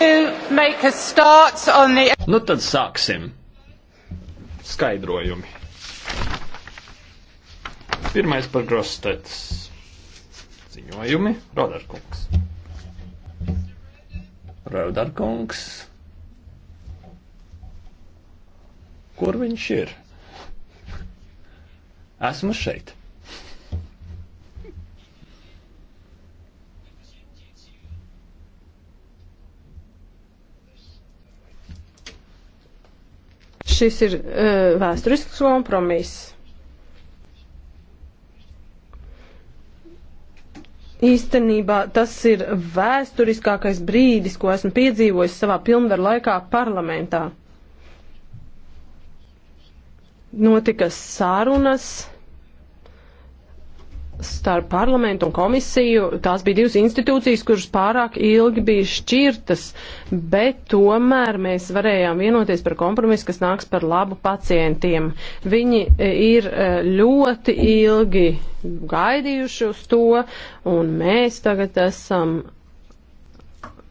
The... Nu tad sāksim. Skaidrojumi. Pirmais par Grostetas ziņojumi. Rodarkungs. Rodarkungs. Kur viņš ir? Esmu šeit. šis ir uh, vēsturisks kompromiss. Īstenībā tas ir vēsturiskākais brīdis, ko esmu piedzīvojis savā pilnvaru laikā parlamentā. Notika sārunas starp parlamentu un komisiju, tās bija divas institūcijas, kuras pārāk ilgi bija šķirtas, bet tomēr mēs varējām vienoties par kompromisu, kas nāks par labu pacientiem. Viņi e, ir e, ļoti ilgi gaidījuši uz to, un mēs tagad esam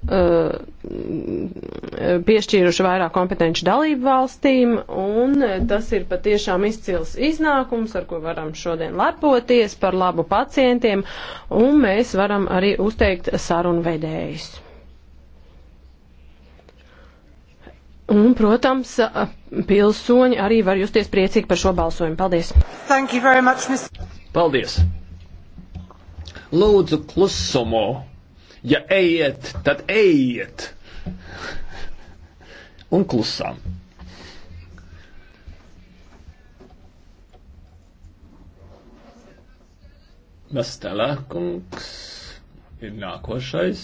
Uh, piešķīruši vairāk kompetenci dalību valstīm, un tas ir patiešām izcils iznākums, ar ko varam šodien lepoties par labu pacientiem, un mēs varam arī uzteikt sarunvedējus. Un, protams, pilsoņi arī var justies priecīgi par šo balsojumu. Paldies! Thank you very much, Mr. Paldies! Lūdzu, klusumo! Ja ejiet, tad ejiet! Un klusām. Bastelā kungs ir nākošais.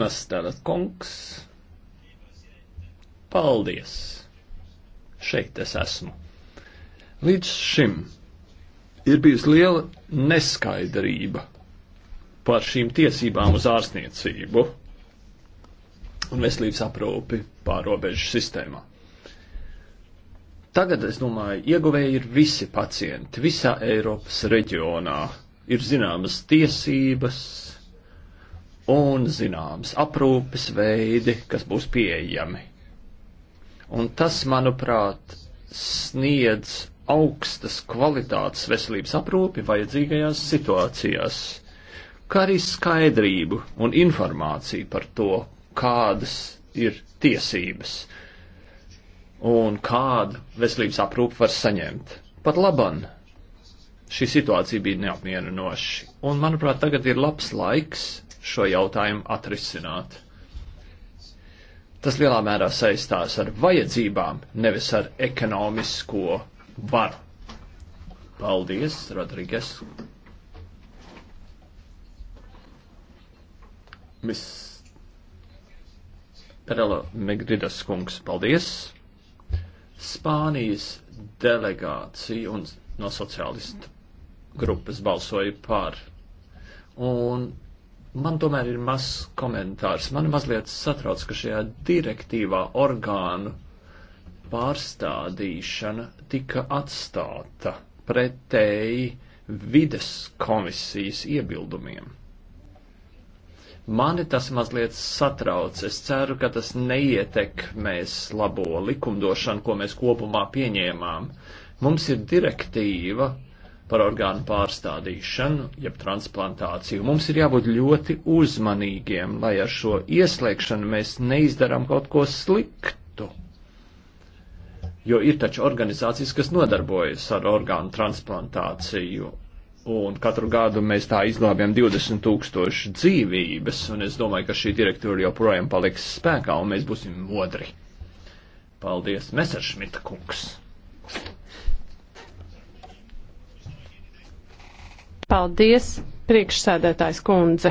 Mastēlas kungs. Paldies! šeit es esmu. Līdz šim ir bijusi liela neskaidrība par šīm tiesībām uz ārstniecību un veselības aprūpi pārobežu sistēmā. Tagad, es domāju, ieguvēji ir visi pacienti visā Eiropas reģionā. Ir zināmas tiesības un zināmas aprūpes veidi, kas būs pieejami. Un tas, manuprāt, sniedz augstas kvalitātes veselības aprūpi vajadzīgajās situācijās, kā arī skaidrību un informāciju par to, kādas ir tiesības un kādu veselības aprūpi var saņemt. Pat laban šī situācija bija neapmierinoša, un manuprāt, tagad ir labs laiks šo jautājumu atrisināt. Tas lielā mērā saistās ar vajadzībām, nevis ar ekonomisko varu. Paldies, Rodrīgas. Mis Perelo Megridas kungs, paldies. Spānijas delegācija un no sociālistu grupas balsoja par. Un Man tomēr ir mazs komentārs. Man mazliet satrauc, ka šajā direktīvā orgānu pārstādīšana tika atstāta pretēji vides komisijas iebildumiem. Mani tas mazliet satrauc. Es ceru, ka tas neietekmēs labo likumdošanu, ko mēs kopumā pieņēmām. Mums ir direktīva, par orgānu pārstādīšanu, jeb transplantāciju. Mums ir jābūt ļoti uzmanīgiem, lai ar šo ieslēgšanu mēs neizdarām kaut ko sliktu. Jo ir taču organizācijas, kas nodarbojas ar orgānu transplantāciju, un katru gadu mēs tā izglābjam 20 tūkstoši dzīvības, un es domāju, ka šī direktīva joprojām paliks spēkā, un mēs būsim modri. Paldies, Messeršmita kungs! Paldies, priekšsēdētājs kundze.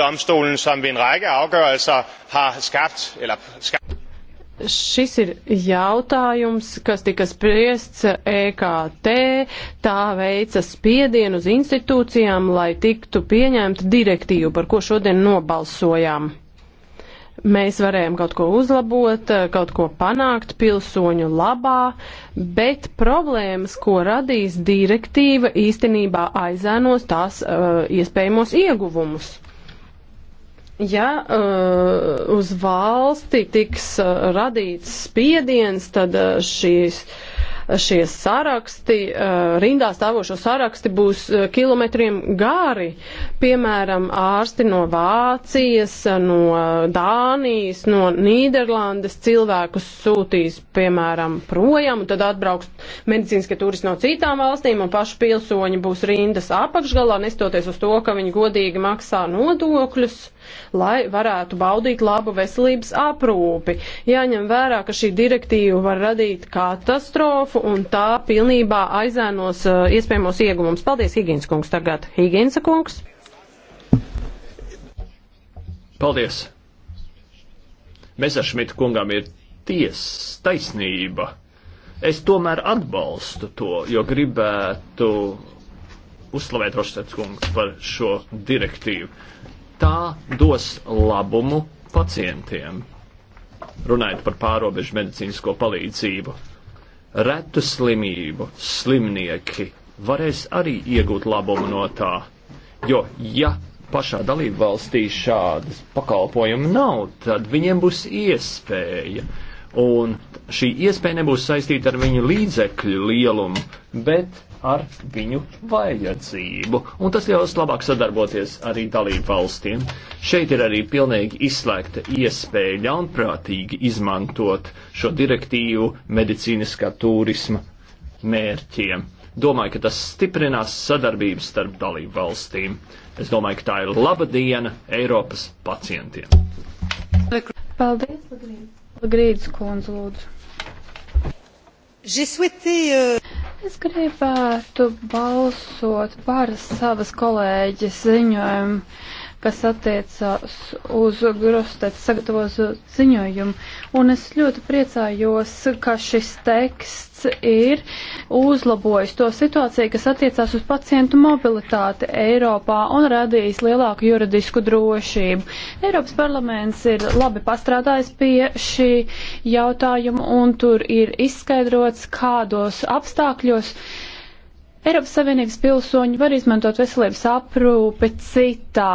Domstolen, som ved en række afgørelser har skabt, eller skabt. Šis ir jautājums, kas tika spriests EKT, tā veica spiedienu uz institūcijām, lai tiktu pieņemta direktīva, par ko šodien nobalsojām mēs varējām kaut ko uzlabot, kaut ko panākt pilsoņu labā, bet problēmas, ko radīs direktīva, īstenībā aizēnos tās uh, iespējamos ieguvumus. Ja uh, uz valsti tiks uh, radīts spiediens, tad uh, šīs uh, šie saraksti, eh, rindā stāvošo saraksti būs eh, kilometriem gari. Piemēram, ārsti no Vācijas, no Dānijas, no Nīderlandes cilvēkus sūtīs, piemēram, projām, un tad atbrauks medicīniskie turisti no citām valstīm, un paši pilsoņi būs rindas apakšgalā, nestoties uz to, ka viņi godīgi maksā nodokļus lai varētu baudīt labu veselības aprūpi. Jāņem vērā, ka šī direktīva var radīt katastrofu un tā pilnībā aizēnos uh, iespējamos ieguvumus. Paldies, Higīns kungs, tagad Higīnsa kungs. Paldies! Mesešmita kungam ir tiesa, taisnība. Es tomēr atbalstu to, jo gribētu uzslavēt Roštets kungs par šo direktīvu. Tā dos labumu pacientiem. Runājot par pārobežu medicīnisko palīdzību, retu slimību slimnieki varēs arī iegūt labumu no tā, jo ja pašā dalību valstī šādas pakalpojumu nav, tad viņiem būs iespēja. Un šī iespēja nebūs saistīta ar viņu līdzekļu lielumu, bet ar viņu vajadzību. Un tas ļaus labāk sadarboties arī dalību valstīm. Šeit ir arī pilnīgi izslēgta iespēja ļaunprātīgi izmantot šo direktīvu medicīniskā turisma mērķiem. Domāju, ka tas stiprinās sadarbību starp dalību valstīm. Es domāju, ka tā ir laba diena Eiropas pacientiem. Paldies, Lagrīdis Kundze, lūdzu. J'ai souhaité euh... Es gribētu balsot par savas kolēģis ziņojumu kas attiecās uz Grostets sagatavozo ziņojumu. Un es ļoti priecājos, ka šis teksts ir uzlabojis to situāciju, kas attiecās uz pacientu mobilitāti Eiropā un radījis lielāku juridisku drošību. Eiropas parlaments ir labi pastrādājis pie šī jautājuma un tur ir izskaidrots, kādos apstākļos uh, Eiropas Savienības pilsoņi var izmantot veselības aprūpe citā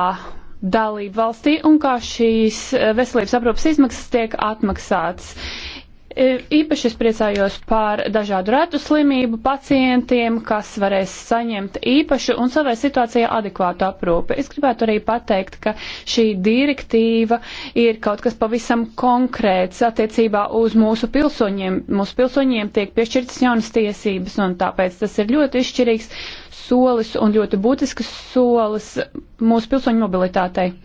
dalību valstī un kā šīs veselības aprūpes izmaksas tiek atmaksātas. Uh, E, īpaši es priecājos par dažādu retu slimību pacientiem, kas varēs saņemt īpašu un savai situācijai adekvātu aprūpi. Es gribētu arī pateikt, ka šī direktīva ir kaut kas pavisam konkrēts attiecībā uz mūsu pilsoņiem. Mūsu pilsoņiem tiek piešķirtas jaunas tiesības, un tāpēc tas ir ļoti izšķirīgs solis un ļoti būtisks solis mūsu pilsoņu mobilitātei.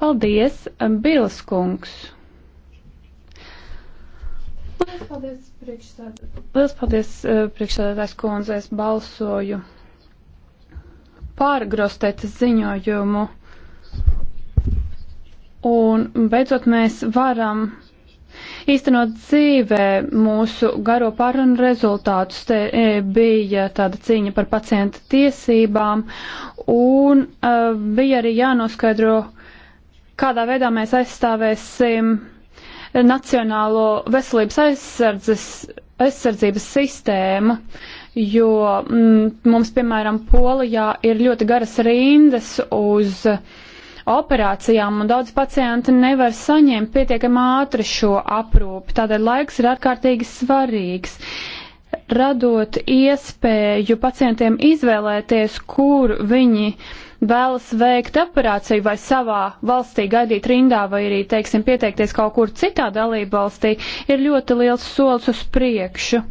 Paldies, Bilskungs! Paldies, priekšsēdētājs. Paldies, eh, priekšsēdētājs kundze. Es balsoju pār Grostetes ziņojumu. Un beidzot mēs varam īstenot dzīvē mūsu garo pārunu rezultātus. Te e, bija tāda cīņa par pacienta tiesībām un uh, bija arī jānoskaidro, kādā veidā mēs aizstāvēsim nacionālo veselības aizsardzes, aizsardzības sistēmu, jo mm, mums, piemēram, Polijā ir ļoti garas rindas uz operācijām, un daudz pacienti nevar saņemt pietiekami ātri šo aprūpi. Tādēļ laiks ir ārkārtīgi svarīgs. Radot iespēju pacientiem izvēlēties, kur viņi uh, vēlas veikt operāciju vai savā valstī gaidīt rindā vai arī, teiksim, pieteikties kaut kur citā dalību valstī, ir ļoti liels solis uz priekšu.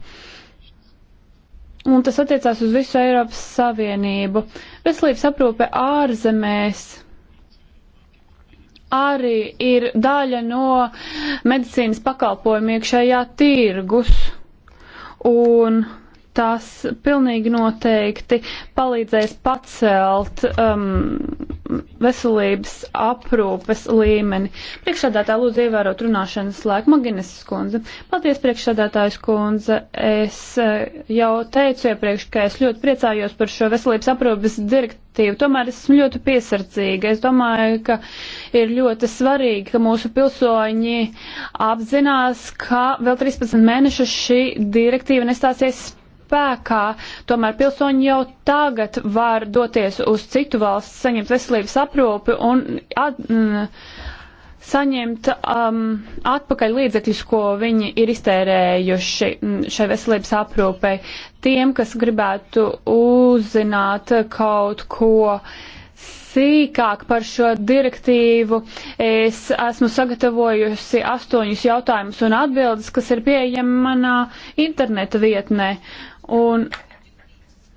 Un tas attiecās uz visu Eiropas Savienību. Veselības aprūpe ārzemēs arī ir daļa no medicīnas pakalpojumu iekšējā tirgus. Un tās pilnīgi noteikti palīdzēs pacelt um, veselības aprūpes līmeni. Priekšsādātāja lūdzu ievērot runāšanas laiku Maginis skundze. Paldies, priekšsādātājs skundze. Es eh, jau teicu iepriekš, ka es ļoti priecājos par šo veselības aprūpes direktīvu. Tomēr esmu ļoti piesardzīga. Es domāju, ka ir ļoti svarīgi, ka mūsu pilsoņi apzinās, ka vēl 13 mēnešus šī direktīva nestāsies spēkā, tomēr pilsoņi jau tagad var doties uz citu valsts, saņemt veselības aprūpi un at, m, mm, saņemt um, atpakaļ līdzekļus, ko viņi ir iztērējuši mm, šai veselības aprūpei. Tiem, kas gribētu uzzināt kaut ko sīkāk par šo direktīvu. Es esmu sagatavojusi astoņus jautājumus un atbildes, kas ir pieejami manā interneta vietnē. Un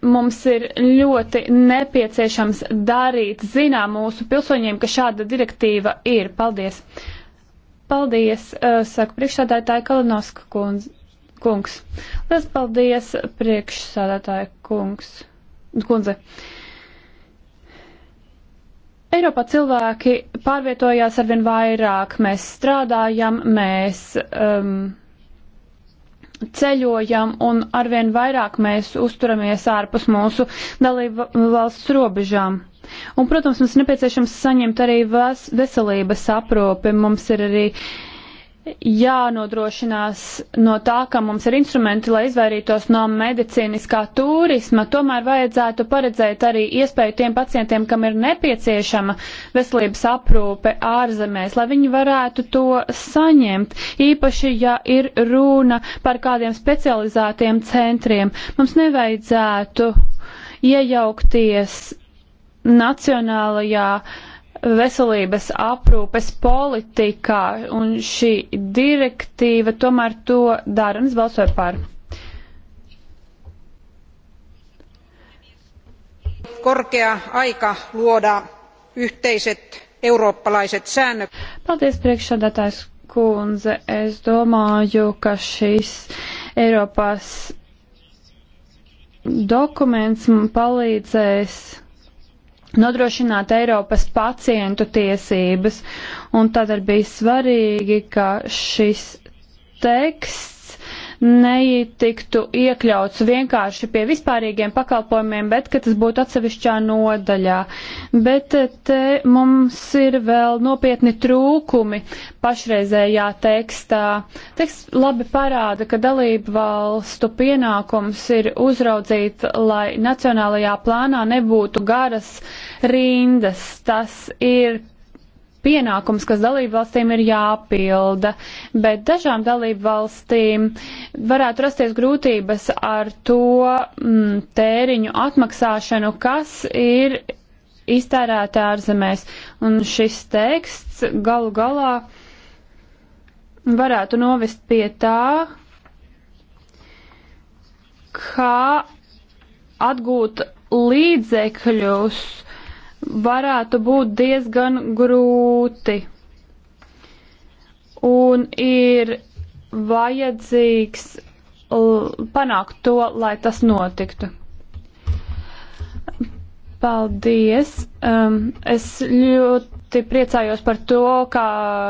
mums ir ļoti nepieciešams darīt zinām mūsu pilsoņiem, ka šāda direktīva ir. Paldies! Paldies, uh, saka priekšsādātāja Kalinovska kundz, kungs. Liels paldies, priekšsādātāja kungs, kundze. Eiropā cilvēki pārvietojās arvien vairāk, mēs strādājam, mēs. Um, ceļojam un arvien vairāk mēs uzturamies ārpus mūsu dalību valsts robežām. Un, protams, mums nepieciešams saņemt arī veselības aprūpi, mums ir arī uh, jānodrošinās no tā, ka mums ir instrumenti, lai izvairītos no medicīniskā turisma, tomēr vajadzētu paredzēt arī iespēju tiem pacientiem, kam ir nepieciešama veselības aprūpe ārzemēs, lai viņi varētu to saņemt, īpaši, ja ir runa par kādiem specializētiem centriem. Mums nevajadzētu iejaukties nacionālajā uh, veselības aprūpes politikā, un šī direktīva tomēr to dara, un es balsoju par. Korkea aika luoda yhteiset eurooppalaiset säännöt. Paldies, priekšsādātājs kundze. Es domāju, ka šis Eiropas dokuments man palīdzēs nodrošināt Eiropas pacientu tiesības, un tad arī bija svarīgi, ka šis teksts netiktu iekļauts vienkārši pie vispārīgiem pakalpojumiem, bet ka tas būtu atsevišķā nodaļā. Bet eh, te mums ir vēl nopietni trūkumi pašreizējā tekstā. Teksts labi parāda, ka dalību valstu pienākums ir uzraudzīt, lai nacionālajā plānā nebūtu garas rindas. Tas ir pienākums, kas dalību valstīm ir jāpilda, bet dažām dalību valstīm varētu rasties grūtības ar to mm, tēriņu atmaksāšanu, kas ir iztērēta ārzemēs. Un šis teksts galu galā varētu novest pie tā, kā atgūt līdzekļus uh, varētu būt diezgan grūti. Un ir vajadzīgs panākt to, lai tas notiktu. Paldies! Um, es ļoti priecājos par to, ka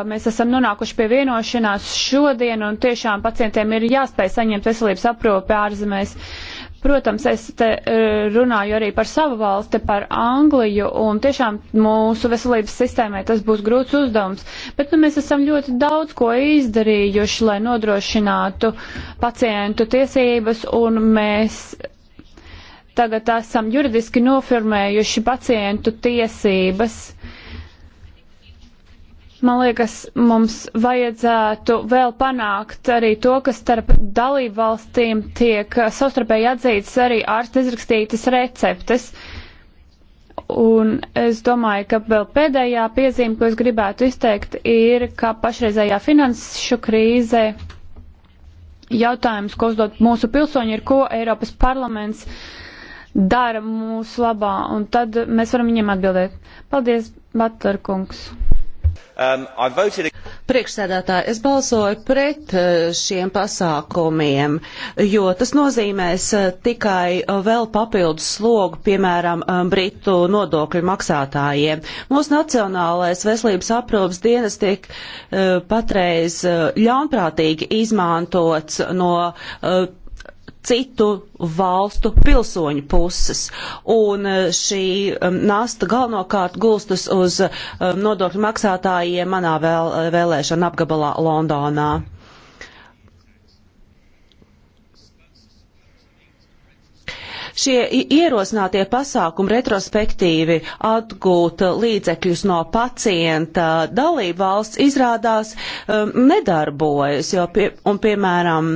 mēs esam nonākuši pie vienošanās šodien, un tiešām pacientiem ir jāspēj saņemt veselības aprūpi ārzemēs. Uh, Protams, es te e, runāju arī par savu valsti, par Angliju, un tiešām mūsu veselības sistēmai tas būs grūts uzdevums. Bet nu, mēs esam ļoti daudz ko izdarījuši, lai nodrošinātu pacientu tiesības, un mēs tagad esam juridiski nofirmējuši pacientu tiesības Man liekas, mums vajadzētu vēl panākt arī to, ka starp dalību valstīm tiek savstarpēji atzītas arī ārsta izrakstītas receptes. Un es domāju, ka vēl pēdējā piezīme, ko es gribētu izteikt, ir, ka pašreizējā finanšu krīze jautājums, ko uzdod mūsu pilsoņi, ir, ko Eiropas parlaments dara mūsu labā, un tad mēs varam viņiem atbildēt. Paldies, Batler kungs! Um, voted... Priekšsēdētāji, es balsoju pret uh, šiem pasākumiem, jo tas nozīmēs uh, tikai uh, vēl papildus slogu, piemēram, um, Britu nodokļu maksātājiem. Mūsu Nacionālais veselības aprūpas dienas tiek uh, patreiz ļaunprātīgi izmantots no uh, citu valstu pilsoņu puses. Un eh, šī um, nasta galvenokārt gulstas uz eh, nodokļu maksātājiem manā vēl, eh, vēlēšana apgabalā Londonā. Šie ierosinātie pasākumi retrospektīvi atgūt līdzekļus no pacienta dalību valsts izrādās um, nedarbojas, jo, pie, un piemēram,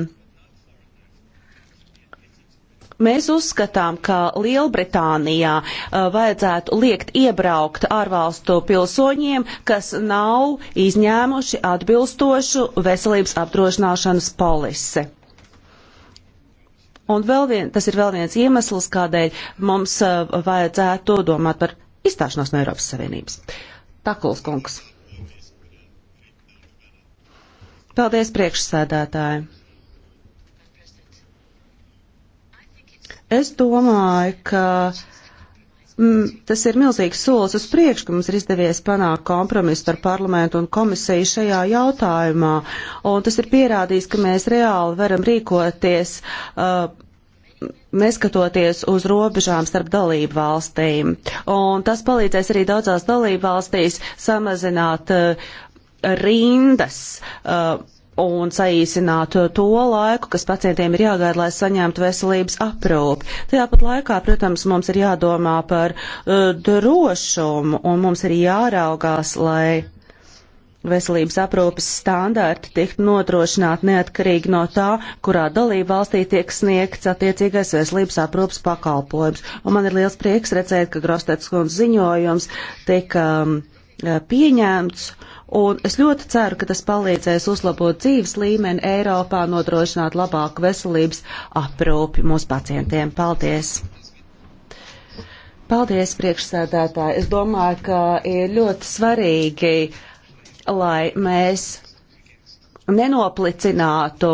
Mēs uzskatām, ka Lielbritānijā uh, vajadzētu liekt iebraukt ārvalstu pilsoņiem, kas nav izņēmuši atbilstošu veselības apdrošināšanas polisi. Un vēl vien, tas ir vēl viens iemesls, kādēļ mums uh, vajadzētu domāt par izstāšanos no Eiropas Savienības. Takuls kungs. Paldies priekšsēdētāji. Es domāju, ka mm, tas ir milzīgs solis uz priekšu, ka mums ir izdevies panākt kompromisu ar parlamentu un komisiju šajā jautājumā. Un tas ir pierādījis, ka mēs reāli varam rīkoties. Uh, neskatoties uz robežām starp dalību valstīm. Un tas palīdzēs arī daudzās dalību valstīs samazināt uh, rindas uh, un saīsināt to laiku, kas pacientiem ir jāgaida, lai saņemtu veselības aprūpi. Tajāpat laikā, protams, mums ir jādomā par uh, drošumu un mums ir jāraugās, lai veselības aprūpes standarti tiktu nodrošināti neatkarīgi no tā, kurā dalība valstī tiek sniegts attiecīgais veselības aprūpes pakalpojums. Un man ir liels prieks redzēt, ka Grostetskundas ziņojums tika um, pieņemts. Uh, Un es ļoti ceru, ka tas palīdzēs uzlabot dzīves līmeni Eiropā, nodrošināt labāku veselības aprūpi mūsu pacientiem. Paldies! Paldies, priekšsēdētāji! Es domāju, ka ir ļoti svarīgi, lai mēs nenoplicinātu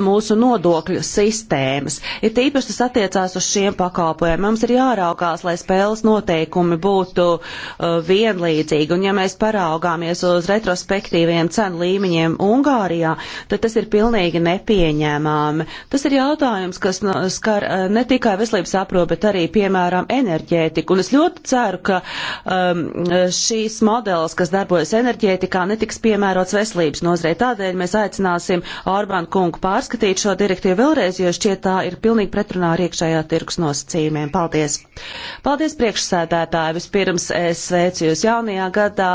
mūsu nodokļu sistēmas. Ir tīpaši tas attiecās uz šiem pakalpojumiem. Mums ir jāraugās, lai spēles noteikumi būtu uh, vienlīdzīgi. Un ja mēs paraugāmies uz retrospektīviem cenu līmeņiem Ungārijā, tad tas ir pilnīgi nepieņēmāmi. Tas ir jautājums, kas no, skar uh, ne tikai veselības aprūpi, bet arī, piemēram, enerģētiku. Un es ļoti ceru, ka um, šīs modelis, kas darbojas enerģētikā, netiks piemērots veselības nozarei. Tādēļ mēs aicināsim Orbán kungu pārstāvēt pārskatīt šo direktīvu vēlreiz, jo šķiet tā ir pilnīgi pretrunā ar iekšējā tirgus nosacījumiem. Paldies! Paldies priekšsēdētāji! Vispirms es sveicu jūs jaunajā gadā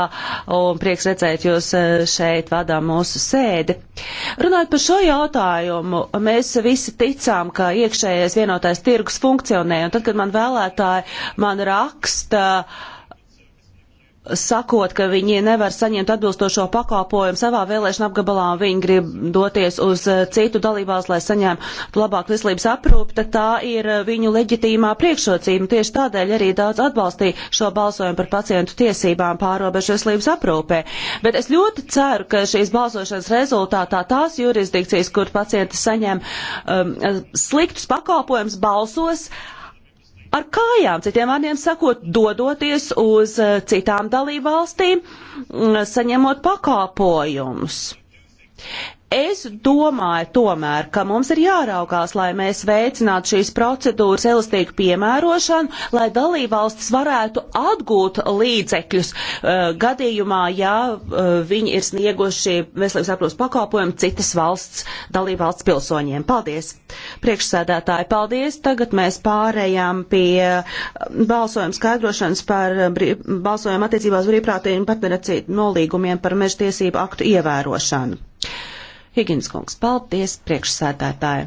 un prieks redzēt jūs eh, šeit vadā mūsu sēdi. Runājot par šo jautājumu, mēs visi ticām, ka iekšējais vienotais tirgus funkcionē, un tad, kad man vēlētāji man raksta, uh, sakot, ka viņi nevar saņemt atbilstošo pakalpojumu savā vēlēšana apgabalā, viņi grib doties uz eh, citu dalībās, lai saņemtu labāku veselības aprūpi, tad tā ir eh, viņu leģitīmā priekšrocība. Tieši tādēļ arī daudz atbalstīja šo balsojumu par pacientu tiesībām pārobežu veselības aprūpē. Bet es ļoti ceru, ka šīs balsošanas rezultātā tās jurisdikcijas, kur pacienti saņem um, eh, sliktus pakalpojumus, balsos ar kājām, citiem vārdiem sakot, dodoties uz eh, citām dalībvalstīm, mm, saņemot pakāpojumus. Es domāju tomēr, ka mums ir jāraugās, lai mēs veicinātu šīs procedūras elastīgu piemērošanu, lai dalībvalstis varētu atgūt līdzekļus uh, gadījumā, ja uh, viņi ir snieguši veselības aprūpas pakalpojumu citas valsts dalībvalsts pilsoņiem. Paldies! Priekšsēdētāji, paldies! Tagad mēs pārējām pie eh, balsojuma skaidrošanas par balsojumu attiecībās brīvprātīgu partneracību nolīgumiem par mežtiesību aktu ievērošanu. Higins kungs, paldies priekšsēdētāji.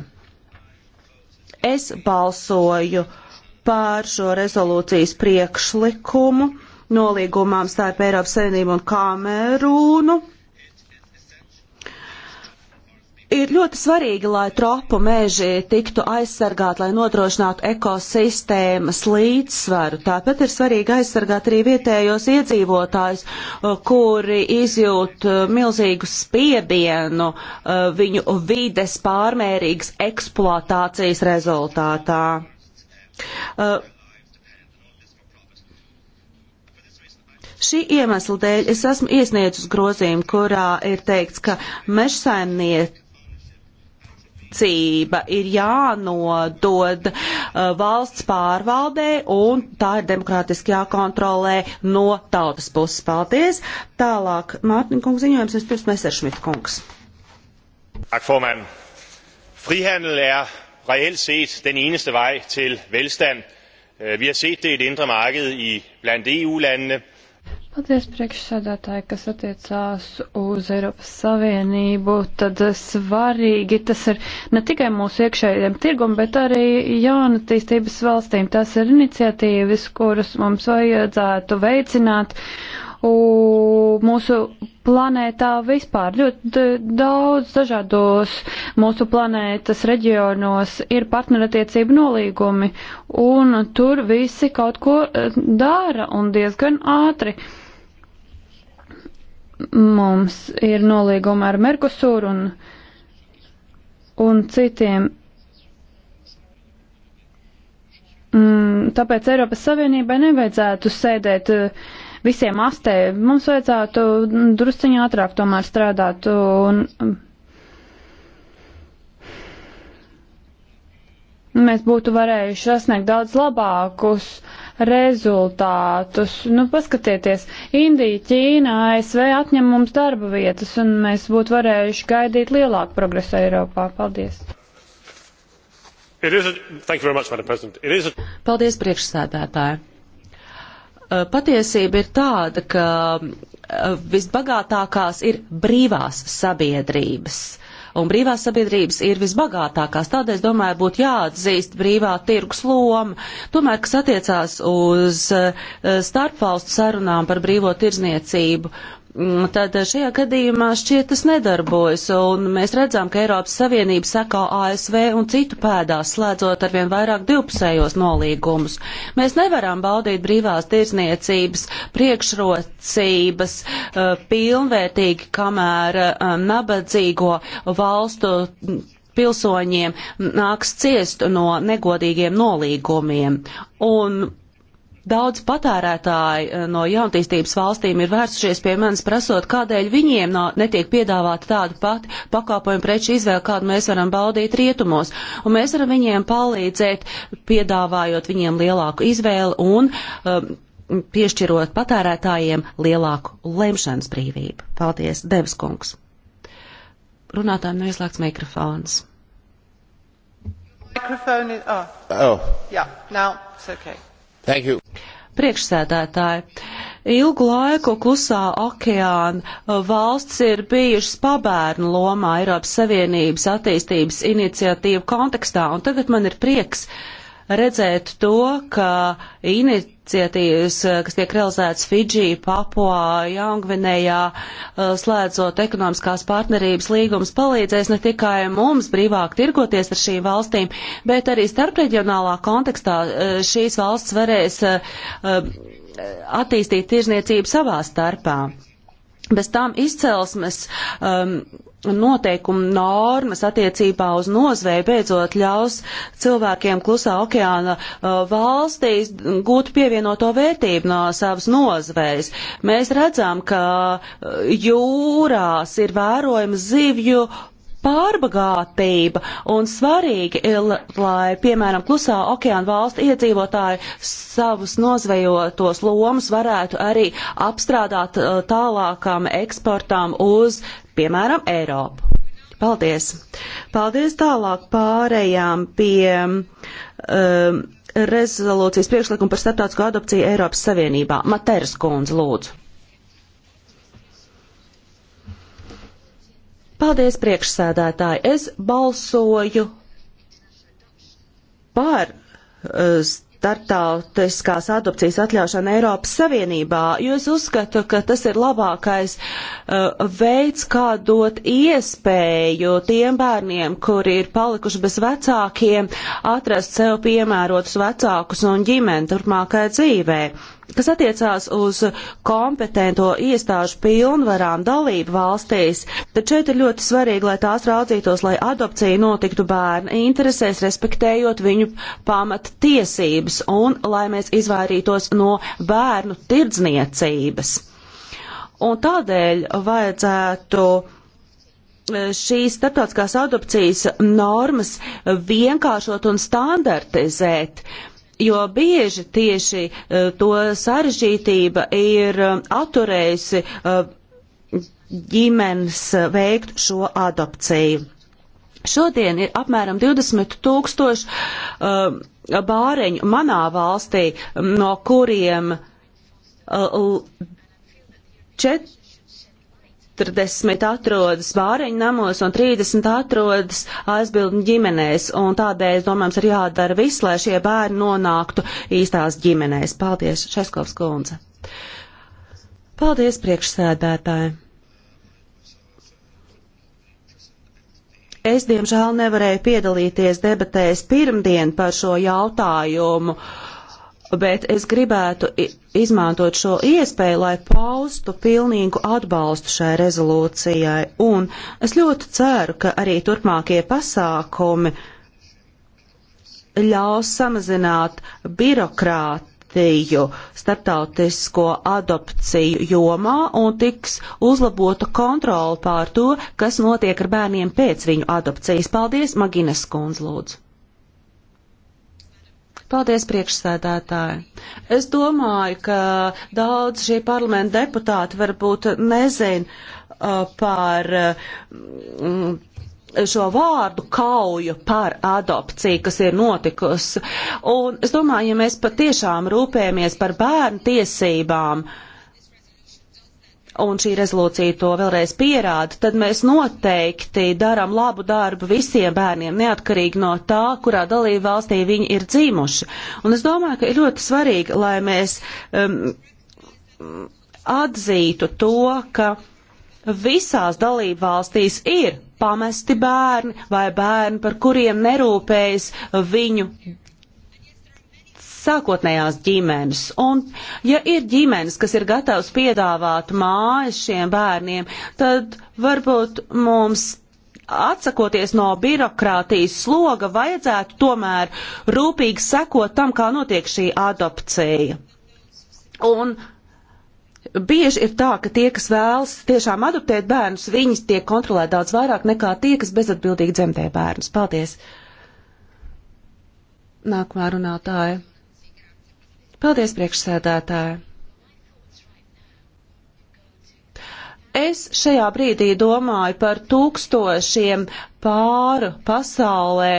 Es balsoju pār šo rezolūcijas priekšlikumu nolīgumām starp Eiropas Savienību un Kamerūnu Ir ļoti svarīgi, lai tropu meži tiktu aizsargāti, lai nodrošinātu ekosistēmas līdzsvaru. Tāpat ir svarīgi aizsargāt arī vietējos iedzīvotājus, uh, kuri izjūt uh, milzīgu spiedienu uh, viņu vides pārmērīgas eksploatācijas rezultātā. Šī iemesla dēļ es esmu iesniedzis grozījumu, kurā ir teikts, ka mežsaimnieki rīcība ir jānodod uh, valsts pārvaldē un tā ir demokrātiski jākontrolē no tautas puses. Paldies! Tālāk Mārtiņa kungs ziņojums, es pirms Meseršmita kungs. Ak, formand. Frihandel er reelt set den eneste vej til velstand. Uh, vi har set det i det indre marked i blandt EU-landene. Paldies priekšsādātāji, kas attiecās uz Eiropas Savienību. Tad svarīgi tas ir ne tikai mūsu iekšējiem tirgum, bet arī jaunatīstības valstīm. Tās ir iniciatīvas, kuras mums vajadzētu veicināt mūsu planētā vispār. Ļoti daudz dažādos mūsu planētas reģionos ir partnerattiecību nolīgumi, un tur visi kaut ko eh, dara un diezgan ātri. Uh, Mums ir nolīguma ar Merkusūru un, un citiem. Mm, tāpēc Eiropas Savienībai nevajadzētu sēdēt uh, visiem astē. Mums vajadzētu drusciņā ātrāk tomēr strādāt. Un, mm, mēs būtu varējuši sasniegt daudz labākus rezultātus. Nu, paskatieties, Indija, Ķīna, ASV atņem mums darba vietas, un mēs būtu varējuši gaidīt lielāku progresu Eiropā. Paldies! A, much, a... Paldies, priekšsēdētāji! Uh, patiesība ir tāda, ka uh, visbagātākās ir brīvās sabiedrības. Un brīvās sabiedrības ir visbagātākās, tādēļ, es domāju, būtu jāatzīst brīvā tirgus loma. Tomēr, kas attiecās uz eh, starpvalstu sarunām par brīvo tirzniecību, Mm, tad šajā gadījumā šķiet tas nedarbojas, un mēs redzam, ka Eiropas Savienība sako ASV un citu pēdās, slēdzot arvien vairāk divpusējos nolīgumus. Mēs nevaram baudīt brīvās tirsniecības priekšrocības eh, pilnvērtīgi, kamēr eh, nabadzīgo valstu pilsoņiem nāks ciest no negodīgiem nolīgumiem. Un Daudz patērētāji eh, no jaunatīstības valstīm ir vērsušies pie manis prasot, kādēļ viņiem nav, netiek piedāvāta tāda pati pakāpojuma preču izvēle, kādu mēs varam baudīt rietumos. Un mēs varam viņiem palīdzēt, piedāvājot viņiem lielāku izvēli un um, piešķirot patērētājiem lielāku lemšanas brīvību. Paldies, Devskungs! runātājiem nav ieslēgts mikrofons. Mikrofoni, oh. Oh. Yeah, now it's okay. Thank you. Priekšsēdētāji, ilgu laiku klusā okeāna uh, valsts ir bijušas pabērnu lomā Eiropas Savienības attīstības iniciatīvu kontekstā, un tagad man ir prieks uh, redzēt to, ka iniciatīvas, kas tiek realizētas Fidžī, Papuā, Jaungvinējā, eh, slēdzot ekonomiskās partnerības līgumus, palīdzēs ne tikai mums brīvāk tirgoties ar šīm valstīm, bet arī starpreģionālā kontekstā eh, šīs valsts varēs eh, attīstīt tirzniecību savā starpā. Bez tām izcelsmes um, noteikumu normas attiecībā uz nozvei beidzot ļaus cilvēkiem klusā okeāna uh, valstīs gūt pievienoto vērtību no savas nozvejas. Mēs redzam, ka uh, jūrās ir vērojama zivju pārbagātība un svarīgi, il, lai, piemēram, klusā okeāna valstu iedzīvotāji savus nozvejotos lomus varētu arī apstrādāt uh, tālākam eksportam uz, piemēram, Eiropu. Paldies! Paldies tālāk pārējām pie um, rezolūcijas priekšlikuma par starptautisko adopciju Eiropas Savienībā. Materas kundze, lūdzu. Paldies, priekšsēdētāji. Es balsoju par uh, eh, startautiskās adopcijas atļaušana Eiropas Savienībā, jo es uzskatu, ka tas ir labākais uh, veids, kā dot iespēju tiem bērniem, kuri ir palikuši bez vecākiem, atrast sev piemērotus vecākus un ģimeni turpmākajā dzīvē. Kas attiecās uz kompetento iestāžu pilnvarām dalību valstīs, tad šeit ir ļoti svarīgi, lai tās raudzītos, lai adopcija notiktu bērna interesēs, respektējot viņu pamat tiesības un lai mēs izvairītos no bērnu tirdzniecības. Un tādēļ vajadzētu e, šīs starptautiskās adopcijas normas vienkāršot un standartizēt. Uh, jo bieži tieši e, to sarežģītība ir e, atturējusi e, ģimenes veikt šo adopciju. Šodien ir apmēram 20 tūkstoši uh, bāreņu manā valstī, no kuriem uh, čet, 40 atrodas vāriņu namos un 30 atrodas aizbildņu ģimenēs. Un tādēļ, domājams, ir jādara viss, lai šie bērni nonāktu īstās ģimenēs. Paldies, Šeskovs kundze. Paldies, priekšsēdētāji. Es, diemžēl, nevarēju piedalīties debatēs pirmdien par šo jautājumu. Uh, bet es gribētu izmantot šo iespēju, lai paustu pilnīgu atbalstu šai rezolūcijai. Un es ļoti ceru, ka arī turpmākie pasākumi ļaus samazināt birokrātiju starptautisko adopciju jomā un tiks uzlabota kontrola pār to, kas notiek ar bērniem pēc viņu adopcijas. Paldies, Maginas Kunz, lūdzu! Paldies, priekšsēdētāji. Es domāju, ka daudz šie parlamenta deputāti varbūt nezin uh, par uh, šo vārdu kauju par adopciju, kas ir notikusi. Un es domāju, ja mēs patiešām rūpējamies par bērnu tiesībām, uh, un šī rezolūcija to vēlreiz pierāda, tad mēs noteikti darām labu darbu visiem bērniem, neatkarīgi no tā, kurā dalību valstī viņi ir dzīvojuši. Un es domāju, ka ir ļoti svarīgi, lai mēs um, atzītu to, ka visās dalību valstīs ir pamesti bērni vai bērni, par kuriem nerūpējas viņu sākotnējās ģimenes. Un, ja ir ģimenes, kas ir gatavs piedāvāt mājas šiem bērniem, tad varbūt mums atsakoties no birokrātijas sloga, vajadzētu tomēr rūpīgi sekot tam, kā notiek šī adopcija. Un bieži ir tā, ka tie, kas vēlas tiešām adoptēt bērnus, viņas tiek kontrolēt daudz vairāk nekā tie, kas bezatbildīgi dzemdē bērnus. Paldies! Nākamā runātāja. Paldies, priekšsēdētāji! Es šajā brīdī domāju par tūkstošiem pāru pasaulē,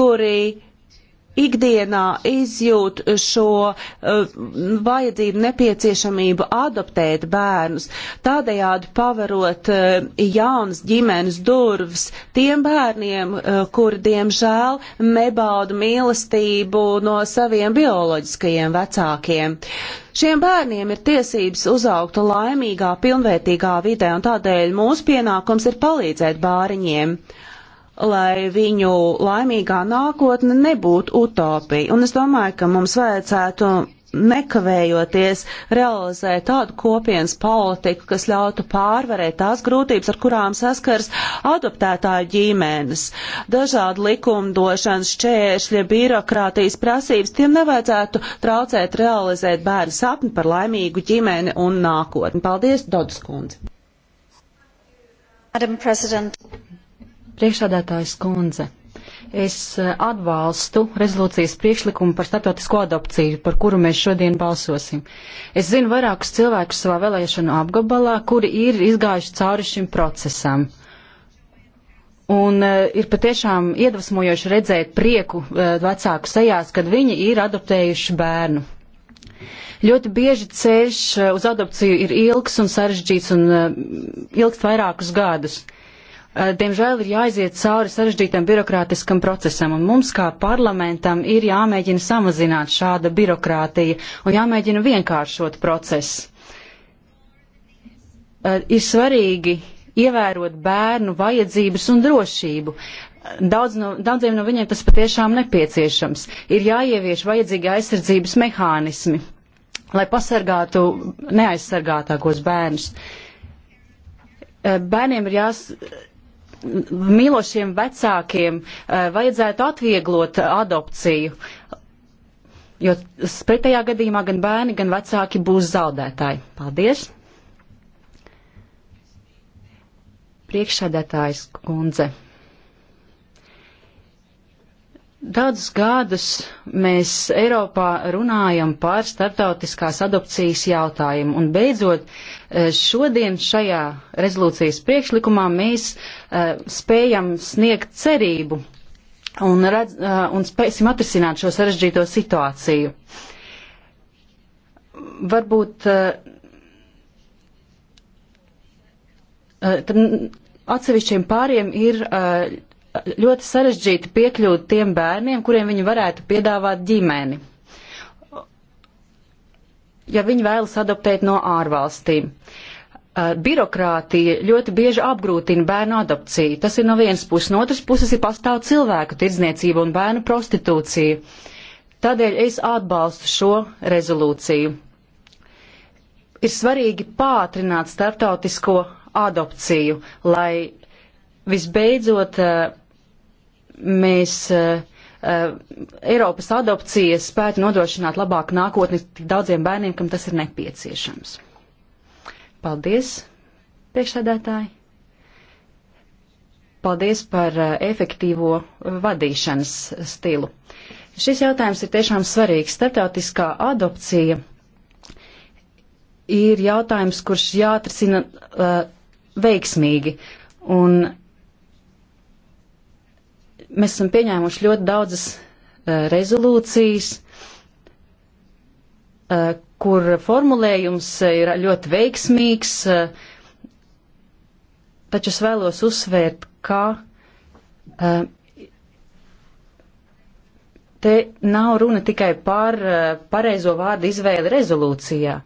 kuri ikdienā izjūt šo uh, vajadzību, nepieciešamību adoptēt bērnus, tādējādi pavarot uh, eh, jaunas ģimenes durvis tiem bērniem, uh, kuri diemžēl nebauda mīlestību no saviem bioloģiskajiem vecākiem. Šiem bērniem ir tiesības uzaugt laimīgā, pilnvērtīgā vidē, un tādēļ mūsu pienākums ir palīdzēt bāriņiem. Uh, lai viņu laimīgā nākotne nebūtu utopija. Un es domāju, ka mums vajadzētu nekavējoties realizēt tādu kopienas politiku, kas ļautu pārvarēt tās grūtības, ar kurām saskars adoptētāju ģimenes. Dažādi likumdošanas šķēršļi, birokrātijas prasības, tiem nevajadzētu traucēt realizēt bērnu sapni par laimīgu ģimeni un nākotni. Paldies, Dodas kundze! Madam President. Priekšādātājs kundze, es e, atbalstu rezolūcijas priekšlikumu par starptautisko adopciju, par kuru mēs šodien balsosim. Es zinu vairākus cilvēkus savā vēlēšanu apgabalā, kuri ir izgājuši cauri šim procesam. Un uh, ir patiešām iedvesmojoši redzēt prieku uh, vecāku sejās, kad viņi ir adoptējuši bērnu. Ļoti bieži ceļš uh, uz adopciju ir ilgs un sarežģīts un uh, ilgst vairākus gadus. Uh, Eh, diemžēl ir jāiziet cauri sarežģītam birokrātiskam procesam, un mums kā parlamentam ir jāmēģina samazināt šāda birokrātija un jāmēģina vienkāršot procesu. Eh, ir svarīgi ievērot bērnu vajadzības un drošību. Daudz no, daudziem no viņiem tas patiešām nepieciešams. Ir jāievieš vajadzīgi aizsardzības mehānismi, lai pasargātu neaizsargātākos bērnus. Eh, bērniem ir jās, mīlošiem vecākiem eh, vajadzētu atvieglot adopciju, jo pretējā gadījumā gan bērni, gan vecāki būs zaudētāji. Paldies! Priekšsēdētājs kundze. Daudzus gadus mēs Eiropā runājam par starptautiskās adopcijas jautājumu, un beidzot eh, šodien šajā rezolūcijas priekšlikumā mēs uh, spējam sniegt cerību un, redz, uh, un spēsim atrisināt šo sarežģīto situāciju. Varbūt uh, atsevišķiem pāriem ir ļoti sarežģīti piekļūt tiem bērniem, kuriem viņi varētu piedāvāt ģimeni, ja viņi vēlas adoptēt no ārvalstīm. Uh, birokrātija ļoti bieži apgrūtina bērnu adopciju. Tas ir no vienas puses. No otras puses ir pastāv cilvēku tirdzniecība un bērnu prostitūcija. Tādēļ es atbalstu šo rezolūciju. Ir svarīgi pātrināt starptautisko adopciju, lai visbeidzot uh, mēs eh, eh, Eiropas adopcijas spētu nodrošināt labāku nākotni daudziem bērniem, kam tas ir nepieciešams. Paldies, priekšsēdētāji! Paldies par eh, efektīvo vadīšanas stilu. Šis jautājums ir tiešām svarīgs. Startautiskā adopcija ir jautājums, kurš jāatrisina uh, veiksmīgi. Un Mēs esam pieņēmuši ļoti daudzas uh, rezolūcijas, uh, kur formulējums ir ļoti veiksmīgs, uh, taču es vēlos uzsvērt, ka uh, te nav runa tikai par uh, pareizo vārdu izvēli rezolūcijā,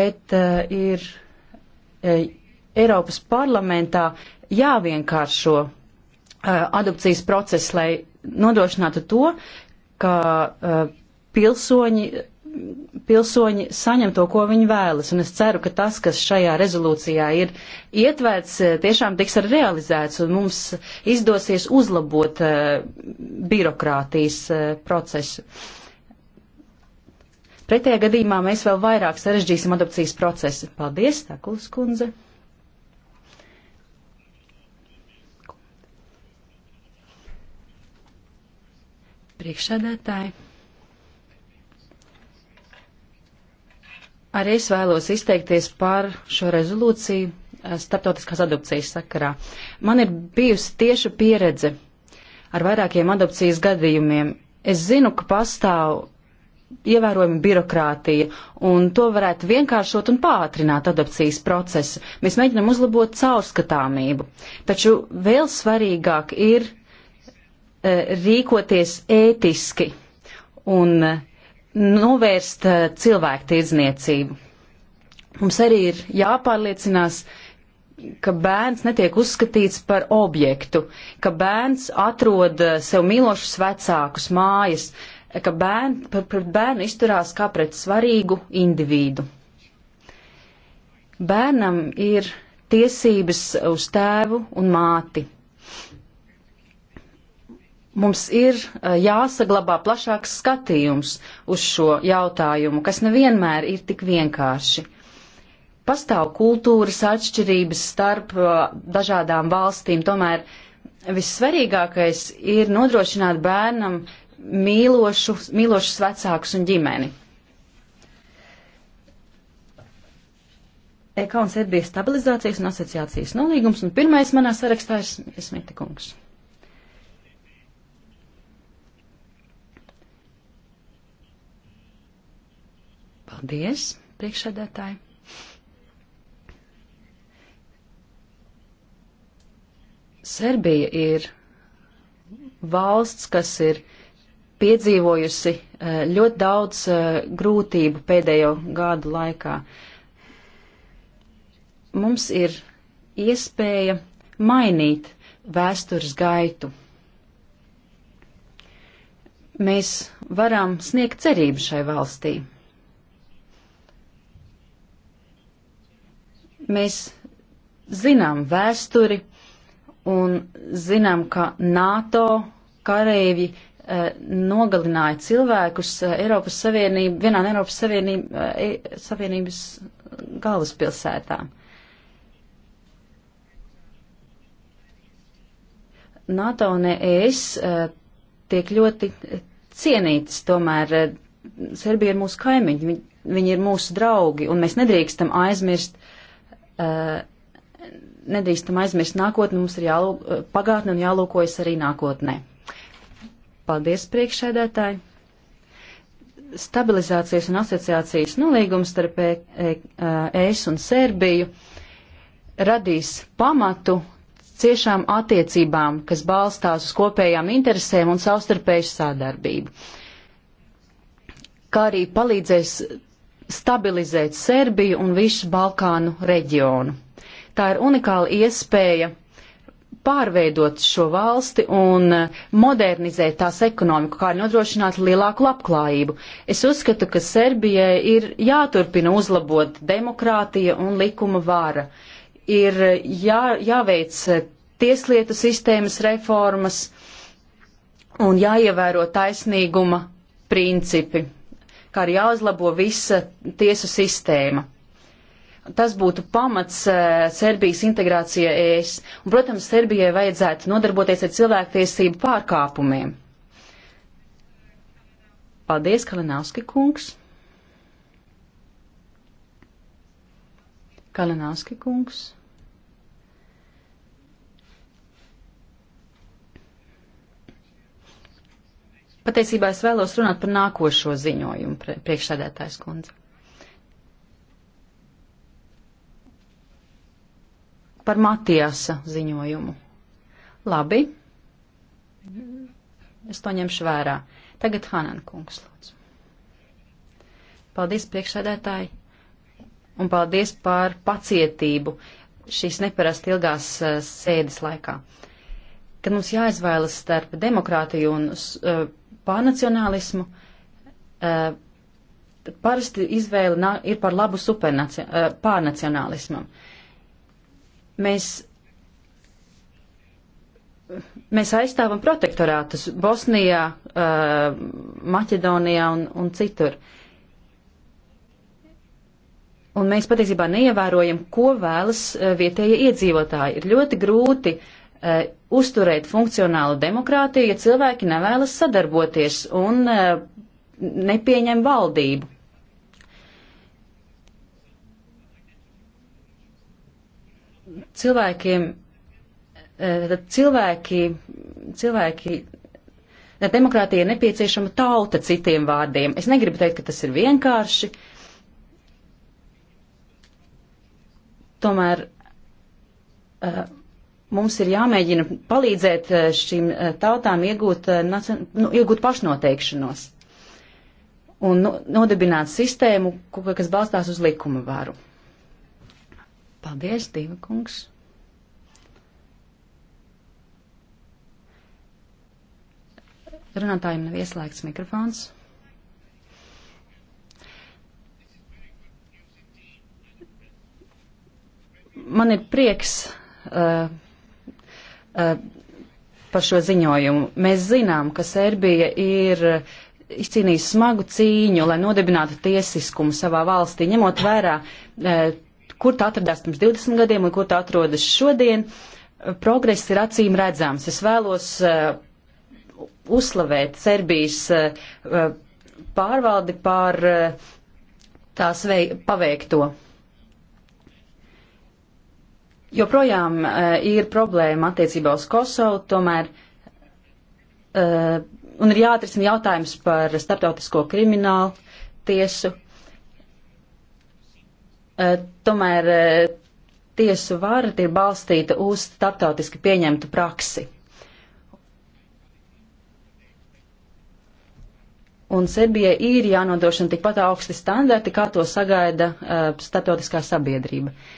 bet uh, ir uh, Eiropas parlamentā jāvienkāršo Eh, adopcijas process, lai nodrošinātu to, ka uh, pilsoņi, pilsoņi saņem to, ko viņi vēlas. Un es ceru, ka tas, kas šajā rezolūcijā ir ietverts, eh, tiešām tiks arī realizēts un mums izdosies uzlabot uh, birokrātijas uh, procesu. Pretējā gadījumā mēs vēl vairāk sarežģīsim adopcijas procesu. Paldies, Takulas kundze! priekšsēdētāji. Arī es vēlos izteikties par šo rezolūciju eh, starptautiskās adopcijas sakarā. Man ir bijusi tieša pieredze ar vairākiem adopcijas gadījumiem. Es zinu, ka pastāv ievērojama birokrātija, un to varētu vienkāršot un pātrināt adopcijas procesu. Mēs mēģinam uzlabot caurskatāmību, taču vēl svarīgāk ir Eh, rīkoties ētiski un eh, novērst eh, cilvēku tirdzniecību. Mums arī ir jāpārliecinās, ka bērns netiek uzskatīts par objektu, ka bērns atrod sev mīlošus vecākus mājas, ka bērn, pret par bērnu izturās kā pret svarīgu individu. Bērnam ir tiesības uz tēvu un māti mums ir jāsaglabā plašāks skatījums uz šo jautājumu, kas nevienmēr ir tik vienkārši. Pastāv kultūras atšķirības starp dažādām valstīm, tomēr vissvarīgākais ir nodrošināt bērnam mīlošus, mīlošus vecākus un ģimeni. EK un Serbijas stabilizācijas un asociācijas nolīgums, un pirmais manā sarakstā ir Smita kungs. Paldies, priekšsēdētāji. Serbija ir valsts, kas ir piedzīvojusi eh, ļoti daudz eh, grūtību pēdējo gadu laikā. Mums ir iespēja mainīt vēstures gaitu. Mēs varam sniegt cerību šai valstī. Mēs zinām vēsturi un zinām, ka NATO kareivi eh, nogalināja cilvēkus eh, Eiropas Savienību, vienā no Eiropas Savienība, eh, e, Savienības galvaspilsētām. NATO un ES tiek ļoti cienītas, tomēr Serbija ir mūsu kaimiņi, viņi, viņi ir mūsu draugi, un mēs nedrīkstam aizmirst uh, Eh, nedrīkstam aizmirst nākotni, mums ir jālūk, eh, pagātne un jālūkojas arī nākotnē. Paldies, priekšsēdētāji! Stabilizācijas un asociācijas nolīgums starp e, e, eh, ES un Serbiju radīs pamatu ciešām attiecībām, kas balstās uz kopējām interesēm un savstarpēju sādarbību, kā arī palīdzēs stabilizēt Serbiju un visu Balkānu reģionu. Tā ir unikāla iespēja pārveidot šo valsti un modernizēt tās ekonomiku, kā arī nodrošināt lielāku labklājību. Es uzskatu, ka Serbijai ir jāturpina uzlabot demokrātija un likuma vara. Ir jā, jāveic tieslietu sistēmas reformas un jāievēro taisnīguma principi kā arī jāuzlabo visa tiesu sistēma. Tas būtu pamats uh, Serbijas integrācija ES. Un, protams, Serbijai vajadzētu nodarboties ar cilvēktiesību pārkāpumiem. Paldies, Kalinauski kungs. Kalinauski kungs. Patiesībā es vēlos runāt par nākošo ziņojumu, priekšsēdētājs kundze. Par Matiasa ziņojumu. Labi. Es to ņemšu vērā. Tagad Hanan kungs, lūdzu. Paldies priekšsēdētāji un paldies par pacietību šīs neparasti ilgās uh, sēdes laikā. Kad mums jāizvēlas starp demokrātiju un uh, pārnacionālismu, eh, parasti izvēle ir par labu eh, pārnacionālismam. Mēs, mēs aizstāvam protektorātus Bosnijā, eh, Maķedonijā un, un citur. Un mēs patiesībā neievērojam, ko vēlas vietējie iedzīvotāji. Ir ļoti grūti uh, E, uzturēt funkcionālu demokrātiju, ja cilvēki nevēlas sadarboties un e, nepieņem valdību. Cilvēkiem, e, tad cilvēki, cilvēki, demokrātija ir nepieciešama tauta citiem vārdiem. Es negribu teikt, ka tas ir vienkārši. Tomēr uh, Mums ir jāmēģina palīdzēt eh, šīm eh, tautām iegūt, eh, nu, iegūt pašnoteikšanos un nu, nodibināt sistēmu, kas balstās uz likuma varu. Paldies, Dīva kungs! Runātājiem nav ieslēgts mikrofons. Man ir prieks uh, Eh, par šo ziņojumu. Mēs zinām, ka Serbija ir eh, izcīnījusi smagu cīņu, lai nodibinātu tiesiskumu savā valstī, ņemot vērā, eh, kur tā atradās pirms 20 gadiem un kur tā atrodas šodien. Progress ir acīm redzams. Es vēlos uzslavēt Serbijas pārvaldi par tās paveikto. Joprojām eh, ir problēma attiecībā uz Kosovu, tomēr eh, un ir jāatrisina jautājums par starptautisko kriminālu tiesu. Eh, tomēr tiesu vara ir balstīta uz starptautiski pieņemtu praksi. Un Serbijai ir jānodrošina tikpat augsti standarti, kā to sagaida uh, starptautiskā sabiedrība. Uh,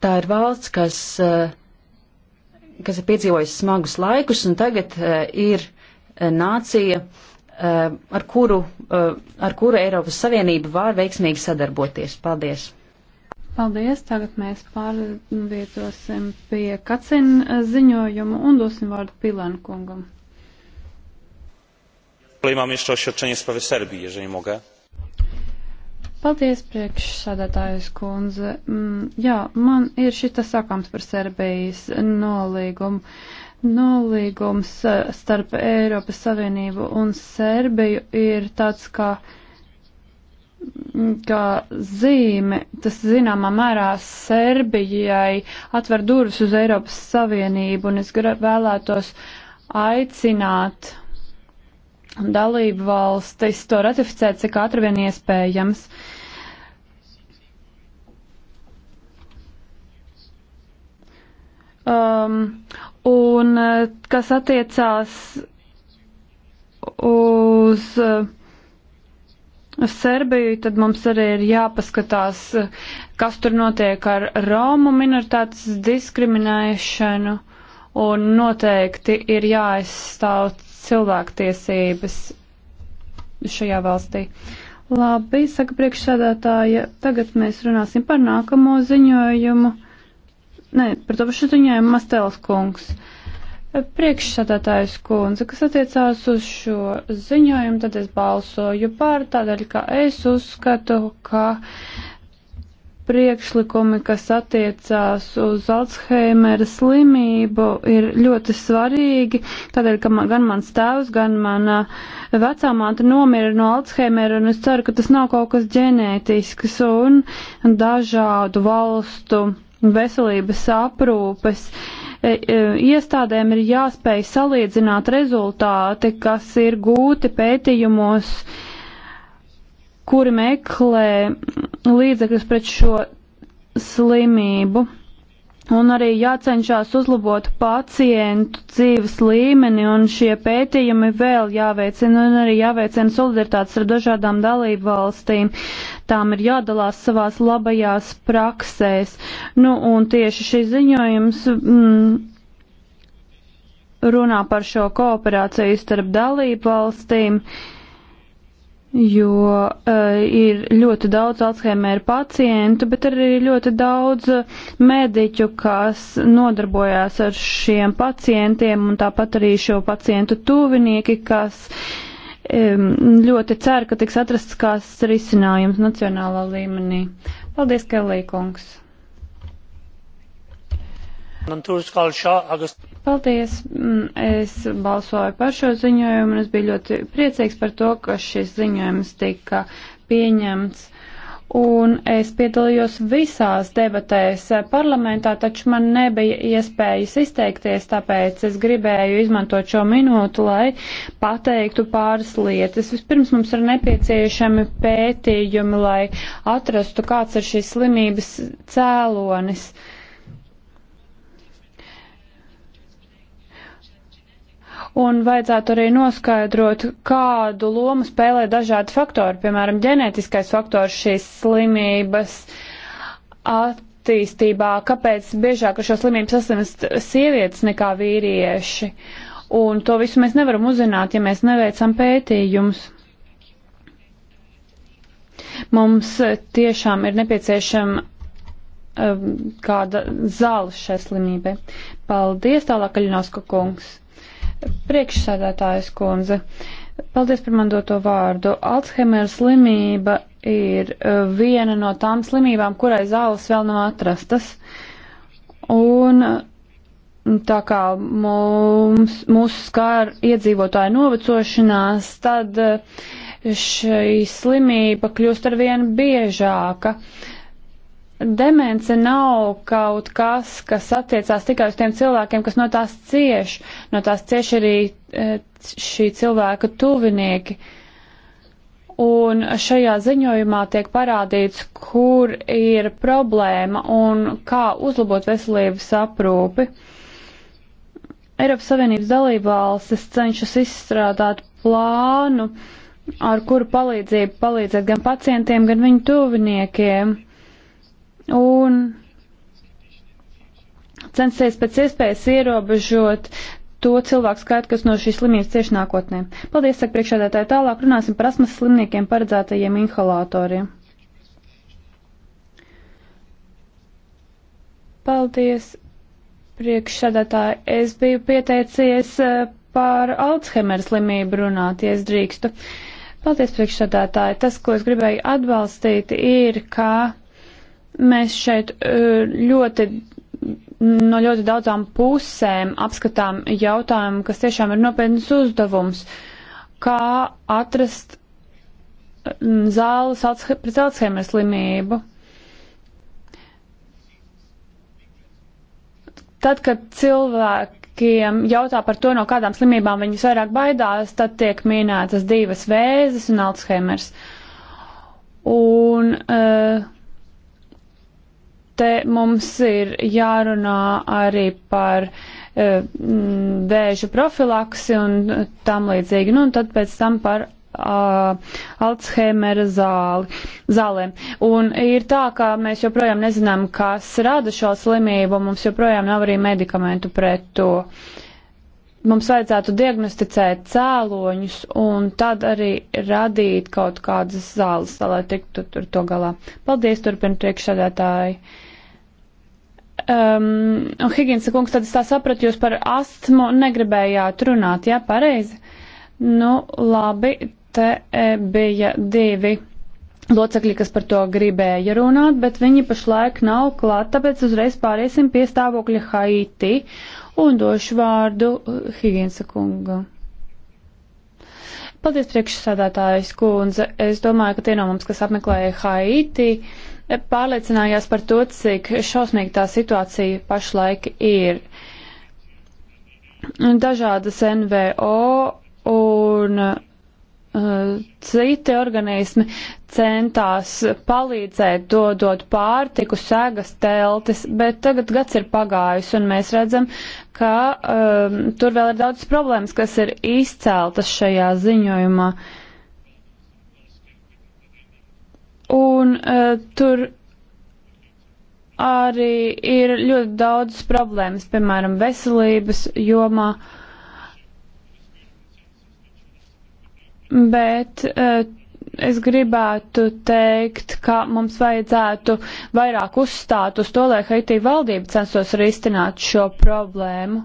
Tā ir valsts, kas, eh, kas ir piedzīvojusi smagus laikus un tagad eh, ir eh, nācija, ar kuru, ar kuru Eiropas Savienība var veiksmīgi sadarboties. Paldies! Paldies! Tagad mēs pārvietosim pie Kacina ziņojumu un dosim vārdu Pilēnu kungam. Kolej mam jeszcze oświadczenie w sprawie Serbii, jeżeli mogę. Paldies, priekšsādātājas kundze. Mm, jā, man ir šitas sakāms par Serbijas nolīgumu. Nolīgums eh, starp Eiropas Savienību un Serbiju ir tāds kā, mm, kā zīme, tas zināmā mērā Serbijai atver durvis uz Eiropas Savienību, un es vēlētos aicināt dalību valstis to ratificē cik ātri vien iespējams. Um, un eh, kas attiecās uz uh, Serbiju, tad mums arī ir jāpaskatās, eh, kas tur notiek ar Romu minoritātes diskriminēšanu, un noteikti ir jāaizstāv cilvēktiesības šajā valstī. Labi, saka priekšsēdētāja, tagad mēs runāsim par nākamo ziņojumu. Nē, par to pašu ziņojumu Mastēls kungs. Priekšsēdētājs kundze, kas attiecās uz šo ziņojumu, tad es balsoju par, tādēļ, ka es uzskatu, ka uh, priekšlikumi, kas attiecās uz Alzheimera slimību, ir ļoti svarīgi, tādēļ, ka man, gan mans tēvs, gan mana vecāmāte nomira no Alzheimera, un es ceru, ka tas nav kaut kas ģenētisks un dažādu valstu veselības aprūpes. E, e, iestādēm ir jāspēj salīdzināt rezultāti, kas ir gūti pētījumos, uh, kuri meklē līdzekļus pret šo slimību. Un arī jācenšas uzlabot pacientu dzīves līmeni, un šie pētījumi vēl jāveicina, un arī jāveicina solidaritātes ar dažādām dalību valstīm. Tām ir jādalās savās labajās praksēs. Nu, un tieši šis ziņojums mm, runā par šo kooperāciju starp dalību valstīm. Uh, jo uh, ir ļoti daudz Alzheimer pacientu, bet arī ļoti daudz eh, mediķu, kas nodarbojās ar šiem pacientiem un tāpat arī šo pacientu tuvinieki, kas um, ļoti cer, ka tiks atrasts kāds risinājums nacionālā līmenī. Paldies, Kelī kungs! Man tur skal šā august. Paldies! Mm, es balsoju par šo ziņojumu un es biju ļoti priecīgs par to, ka šis ziņojums tika pieņemts. Un es piedalījos visās debatēs parlamentā, taču man nebija iespējas izteikties, tāpēc es gribēju izmantot šo minūtu, lai pateiktu pāris lietas. Vispirms mums ir nepieciešami pētījumi, lai atrastu, kāds ir šīs slimības cēlonis. Uh, un vajadzētu arī noskaidrot, kādu lomu spēlē dažādi faktori, piemēram, ģenētiskais faktors šīs slimības attīstībā, kāpēc biežāk ar šo slimību saslimst sievietes nekā vīrieši. Un to visu mēs nevaram uzzināt, ja mēs neveicam pētījumus. Mums tiešām ir nepieciešama um, kāda zāle šai slimībai. Paldies, tālāk Aļinoska kungs. Priekšsēdētājas kundze, paldies par man doto vārdu. Alzheimer slimība ir e, viena no tām slimībām, kurai zāles vēl nav atrastas. Un tā kā mums, mūs skār iedzīvotāju novecošanās, tad e, šī slimība kļūst arvien biežāka. Uh, Demence nav kaut kas, kas attiecās tikai uz tiem cilvēkiem, kas no tās cieš. No tās cieš arī e, šī cilvēka tuvinieki. Un šajā ziņojumā tiek parādīts, kur ir problēma un kā uzlabot veselības aprūpi. Eiropas Savienības dalībvalstis cenšas izstrādāt plānu, ar kuru palīdzību palīdzēt gan pacientiem, gan viņu tuviniekiem un censties pēc iespējas ierobežot to cilvēku skaitu, kas no šīs slimības cieši nākotnē. Paldies, saka priekšādātāji. Tālāk runāsim par asmas slimniekiem paredzētajiem inhalatoriem. Paldies, priekšsēdētāji. Es biju pieteicies eh, par Alzheimer slimību runāt, ja es drīkstu. Paldies, priekšsēdētāji. Tas, ko es gribēju atbalstīt, ir, ka Mēs šeit e, ļoti no ļoti daudzām pusēm apskatām jautājumu, kas tiešām ir nopietnas uzdevums. Kā atrast zāles pret Alzheimer slimību? Tad, kad cilvēkiem jautā par to, no kādām slimībām viņi visvairāk baidās, tad tiek minētas divas vēzes un Alzheimers. Un, uh, te mums ir jārunā arī par eh, vēža profilaksi un tam līdzīgi. Nu, un tad pēc tam par uh, Alzheimera zāli, zālēm. Un ir tā, ka mēs joprojām nezinām, kas rada šo slimību, mums joprojām nav arī medikamentu pret to. Mums vajadzētu diagnosticēt cēloņus un tad arī radīt kaut kādas zāles, lai tiktu tur to galā. Paldies, turpina priekšsēdētāji. Um, un Higinsa kungs, tad es tā sapratu, jūs par astmu negribējāt runāt, jā, ja, pareizi? Nu, labi, te e, bija divi locekļi, kas par to gribēja runāt, bet viņi pašlaik nav klāt, tāpēc uzreiz pāriesim pie stāvokļa Haiti un došu vārdu Higinsa kungu. Paldies priekšsādātājs kundze. Es domāju, ka tie no mums, kas apmeklēja Haiti, uh, pārliecinājās par to, cik šausmīga tā situācija pašlaik ir. Dažādas NVO un uh, citi organismi centās palīdzēt, dodot pārtiku, sēgas teltis, bet tagad gads ir pagājis un mēs redzam, ka um, tur vēl ir daudz problēmas, kas ir izceltas šajā ziņojumā. Uh, un uh, tur arī ir ļoti daudz problēmas, piemēram, veselības jomā. Bet uh, es gribētu teikt, ka mums vajadzētu vairāk uzstāt uz to, lai Haitī valdība censtos risināt šo problēmu.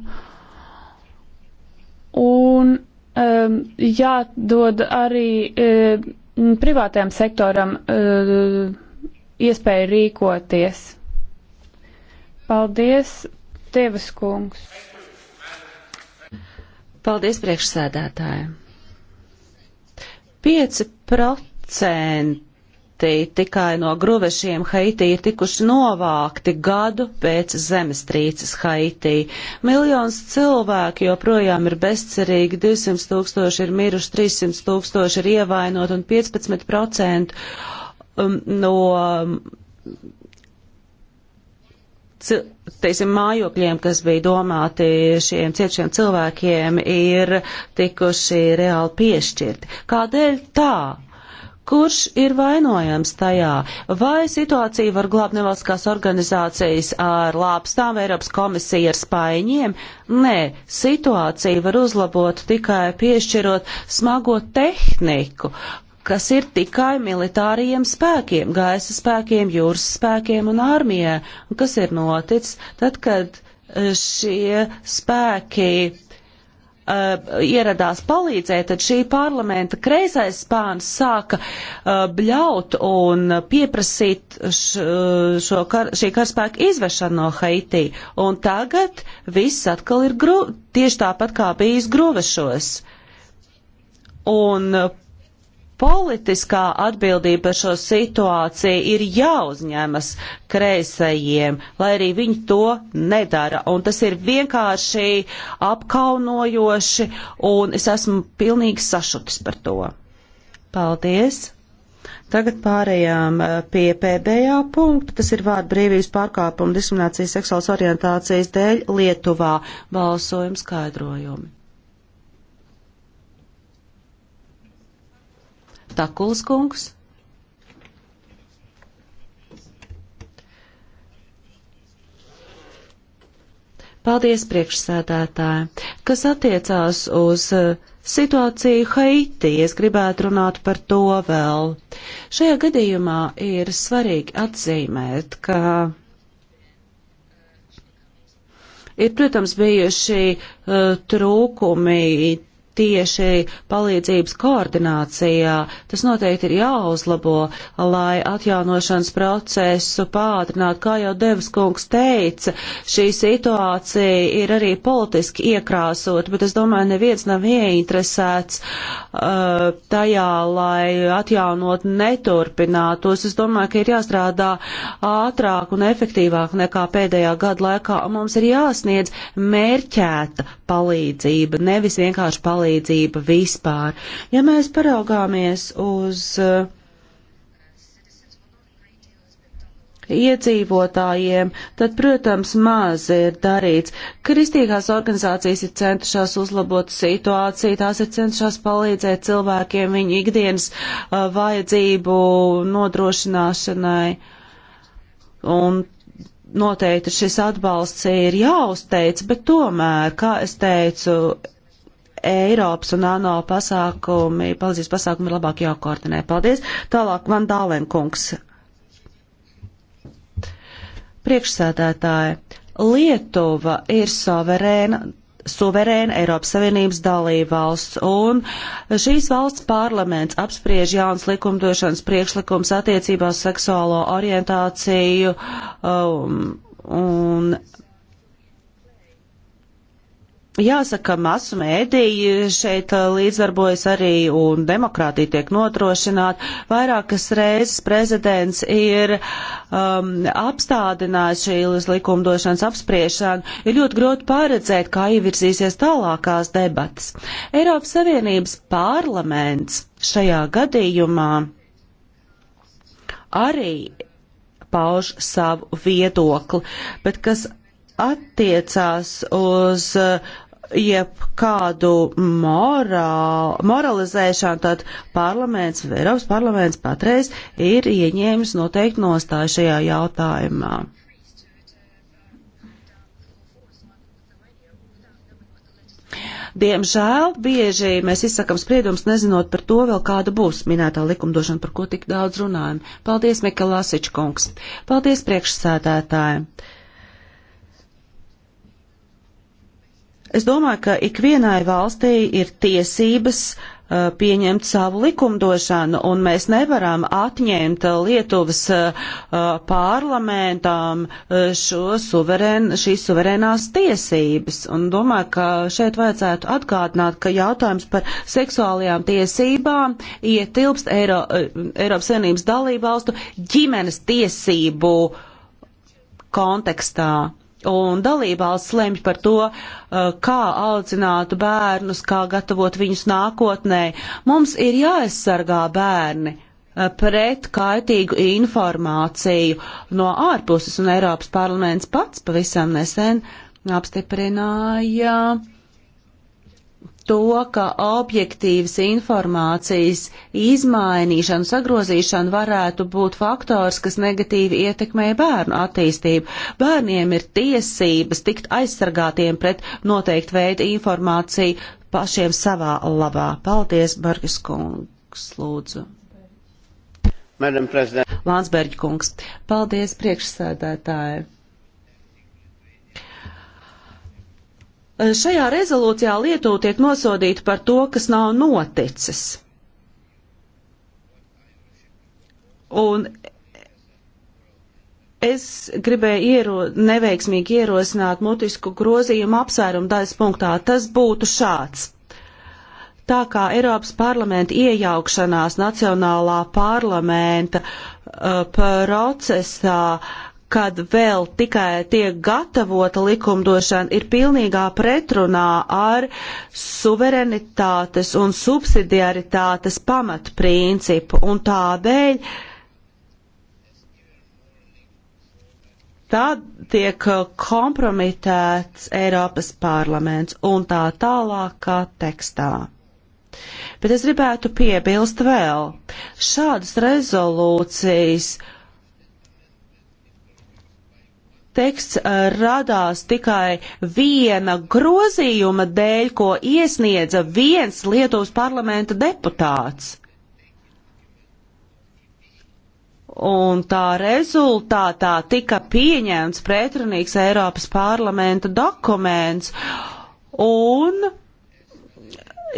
Un um, jādod arī um, Mm, privātajam sektoram eh, iespēja rīkoties. Paldies, Tevas kungs. Paldies priekšsēdētājiem. 5% dati tikai no gruvešiem Haitī ir tikuši novākti gadu pēc zemestrīces Haitī. Miljons cilvēki joprojām ir bezcerīgi, 200 tūkstoši ir miruši, 300 tūkstoši ir ievainot un 15% um, no um, teiksim, mājokļiem, kas bija domāti šiem cietušiem cilvēkiem, ir tikuši reāli piešķirti. Kādēļ tā? Kurš ir vainojams tajā? Vai situācija var glābt nevalstiskās organizācijas ar lāpstām, Eiropas komisija ar spaiņiem? Nē, situācija var uzlabot tikai piešķirot smago tehniku, kas ir tikai militārajiem spēkiem, gaisa spēkiem, jūras spēkiem un armijai, un kas ir noticis tad, kad eh, šie spēki uh, ieradās palīdzēt, tad šī parlamenta kreisais spāns sāka uh, bļaut un pieprasīt š, uh, šo kar, šī karaspēka izvešanu no Haiti. Un tagad viss atkal ir gru, tieši tāpat kā bijis gruvešos. Un uh, politiskā atbildība par šo situāciju ir jāuzņemas kreisajiem, lai arī viņi to nedara. Un tas ir vienkārši apkaunojoši, un es esmu pilnīgi sašutis par to. Paldies! Tagad pārējām eh, pie pēdējā punkta. Tas ir vārdu brīvības pārkāpuma diskriminācijas seksuālas orientācijas dēļ Lietuvā balsojuma skaidrojumi. Takuls kungs. Paldies, priekšsēdētāji. Kas attiecās uz uh, situāciju Haiti, es gribētu runāt par to vēl. Šajā gadījumā ir svarīgi atzīmēt, ka ir, protams, bijuši uh, trūkumi tieši palīdzības koordinācijā. Tas noteikti ir jāuzlabo, lai atjaunošanas procesu pātrinātu. Kā jau Devas kungs teica, šī situācija ir arī politiski iekrāsot, bet es domāju, neviens nav ieinteresēts uh, tajā, lai atjaunot neturpinātos. Es domāju, ka ir jāstrādā ātrāk un efektīvāk nekā pēdējā gada laikā. Mums ir jāsniedz mērķēta palīdzība, nevis vienkārši palīdzība palīdzība vispār. Ja mēs paraugāmies uz uh, iedzīvotājiem, tad, protams, maz ir darīts. Kristīgās organizācijas ir centušās uzlabot situāciju, tās ir centušās palīdzēt cilvēkiem viņu ikdienas uh, vajadzību nodrošināšanai. Un noteikti šis atbalsts ir jāuzteic, bet tomēr, kā es teicu, Eiropas un ANO pasākumi, palīdzības pasākumi ir labāk jākoordinē. Paldies. Tālāk Van Dālenkungs. Priekšsēdētāji, Lietuva ir suverēna suverēna Eiropas Savienības dalībvalsts, un šīs valsts parlaments apspriež jauns likumdošanas priekšlikums attiecībā uz seksuālo orientāciju um, un Jāsaka, masu mēdīji šeit uh, līdzdarbojas arī un demokrātija tiek nodrošināta. Vairākas reizes prezidents ir um, apstādinājis šīs likumdošanas apspriešanu. Ir ļoti grūti paredzēt, kā ievirzīsies tālākās debatas. Eiropas Savienības parlaments šajā gadījumā arī pauž savu viedokli, bet kas attiecās uz uh, jebkādu morā, moralizēšanu, tad parlaments, Eiropas parlaments patreiz ir ieņēmis noteikti nostāju šajā jautājumā. Diemžēl bieži mēs izsakam spriedumus, nezinot par to vēl kāda būs minētā likumdošana, par ko tik daudz runājam. Paldies, Mika Lasičkungs. Paldies, priekšsēdētāji. Es domāju, ka ikvienai valstī ir tiesības uh, pieņemt savu likumdošanu, un mēs nevaram atņemt Lietuvas uh, uh parlamentām uh, šo suverēn, šīs suverēnās tiesības. Un domāju, ka šeit vajadzētu atgādināt, ka jautājums par seksuālajām tiesībām ietilpst Eiro, uh, Eiropas Savienības dalību valstu ģimenes tiesību kontekstā un dalībvalsts lemj par to, uh, kā audzināt bērnus, kā gatavot viņus nākotnē. Mums ir jāaizsargā bērni uh, pret kaitīgu informāciju no ārpuses, un Eiropas parlaments pats pavisam nesen apstiprināja uh, to, ka objektīvas informācijas izmainīšana, sagrozīšana varētu būt faktors, kas negatīvi ietekmē bērnu attīstību. Bērniem ir tiesības tikt aizsargātiem pret noteiktu veidu informāciju pašiem savā labā. Paldies, Bargas kungs, lūdzu. Lansberģi kungs, paldies priekšsēdētāji. Eh, šajā rezolūcijā Lietuva tiek nosodīta par to, kas nav noticis. Un es gribēju iero, neveiksmīgi ierosināt mutisku grozījumu apsvērumu daļas punktā. Tas būtu šāds. Tā kā Eiropas parlamenta iejaukšanās Nacionālā parlamenta uh, procesā uh, kad vēl tikai tiek gatavota likumdošana, ir pilnīgā pretrunā ar suverenitātes un subsidiaritātes pamatprincipu. Un tādēļ tā tiek kompromitēts Eiropas parlaments un tā tālākā tekstā. Bet es gribētu piebilst vēl šādas rezolūcijas teksts eh, radās tikai viena grozījuma dēļ, ko iesniedza viens Lietuvas parlamenta deputāts. Un tā rezultātā tika pieņemts pretrunīgs Eiropas parlamenta dokuments. Un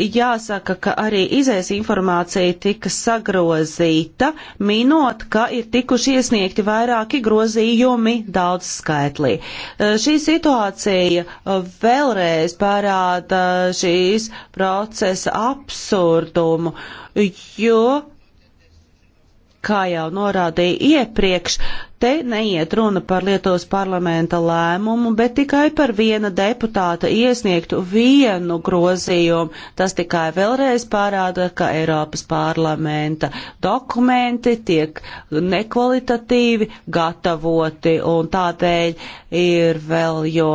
jāsaka, ka arī izējas informācija tika sagrozīta, minot, ka ir tikuši iesniegti vairāki grozījumi daudz skaitlī. Eh, šī situācija eh, vēlreiz parāda eh, šīs procesa absurdumu, jo kā jau norādīja iepriekš, te neiet runa par Lietuvas parlamenta lēmumu, bet tikai par viena deputāta iesniegtu vienu grozījumu. Tas tikai vēlreiz parāda, ka Eiropas parlamenta dokumenti tiek nekvalitatīvi gatavoti, un tādēļ ir vēl jo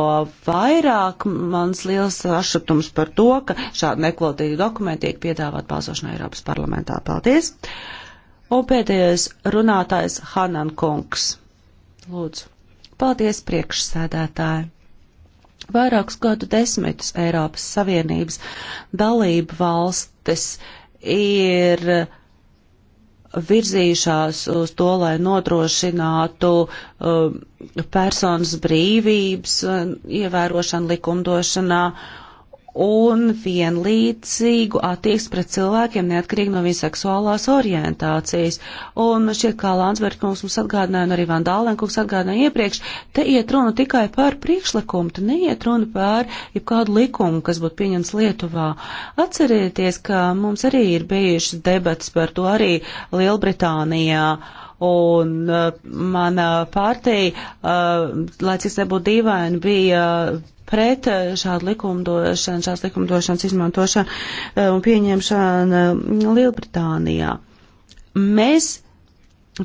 vairāk mans liels sašutums par to, ka šādi nekvalitatīvi dokumenti tiek piedāvāt balsošanai Eiropas parlamentā. Paldies! Un pēdējais runātājs Hanan Kungs. Lūdzu. Paldies priekšsēdētāji. Vairākus gadu desmitus Eiropas Savienības dalību valstis ir virzījušās uz to, lai nodrošinātu um, personas brīvības um, ievērošanu likumdošanā un vienlīdzīgu attieksmi pret cilvēkiem neatkarīgi no viņa seksuālās orientācijas. Un šķiet, kā Landsbergs mums atgādināja, un arī Van Dālenkungs atgādināja iepriekš, te iet runa tikai par priekšlikumu, te neiet runa par jebkādu likumu, kas būtu pieņems Lietuvā. Atcerieties, ka mums arī ir bijušas debats par to arī Lielbritānijā un uh, mana partija, uh, lai cik nebūtu dīvaini, bija uh, pret eh, šādu likumdošanu, šādas likumdošanas izmantošanu eh, un pieņemšanu mm, Lielbritānijā. Mēs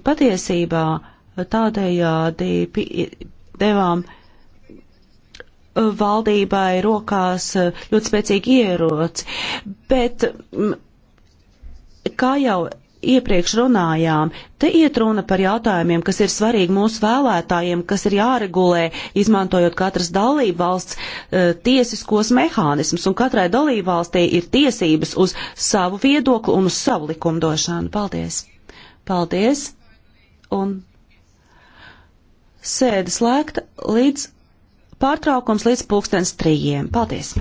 patiesībā tādējādi devām eh, valdībai rokās ļoti spēcīgi ieroci, bet mm, kā jau iepriekš runājām, te iet runa par jautājumiem, kas ir svarīgi mūsu vēlētājiem, kas ir jāregulē, izmantojot katras dalību valsts uh, eh, tiesiskos mehānismus, un katrai dalību valstī ir tiesības uz savu viedokli un uz savu likumdošanu. Paldies! Paldies! Un sēde slēgta līdz pārtraukums līdz pulkstens trījiem. Paldies!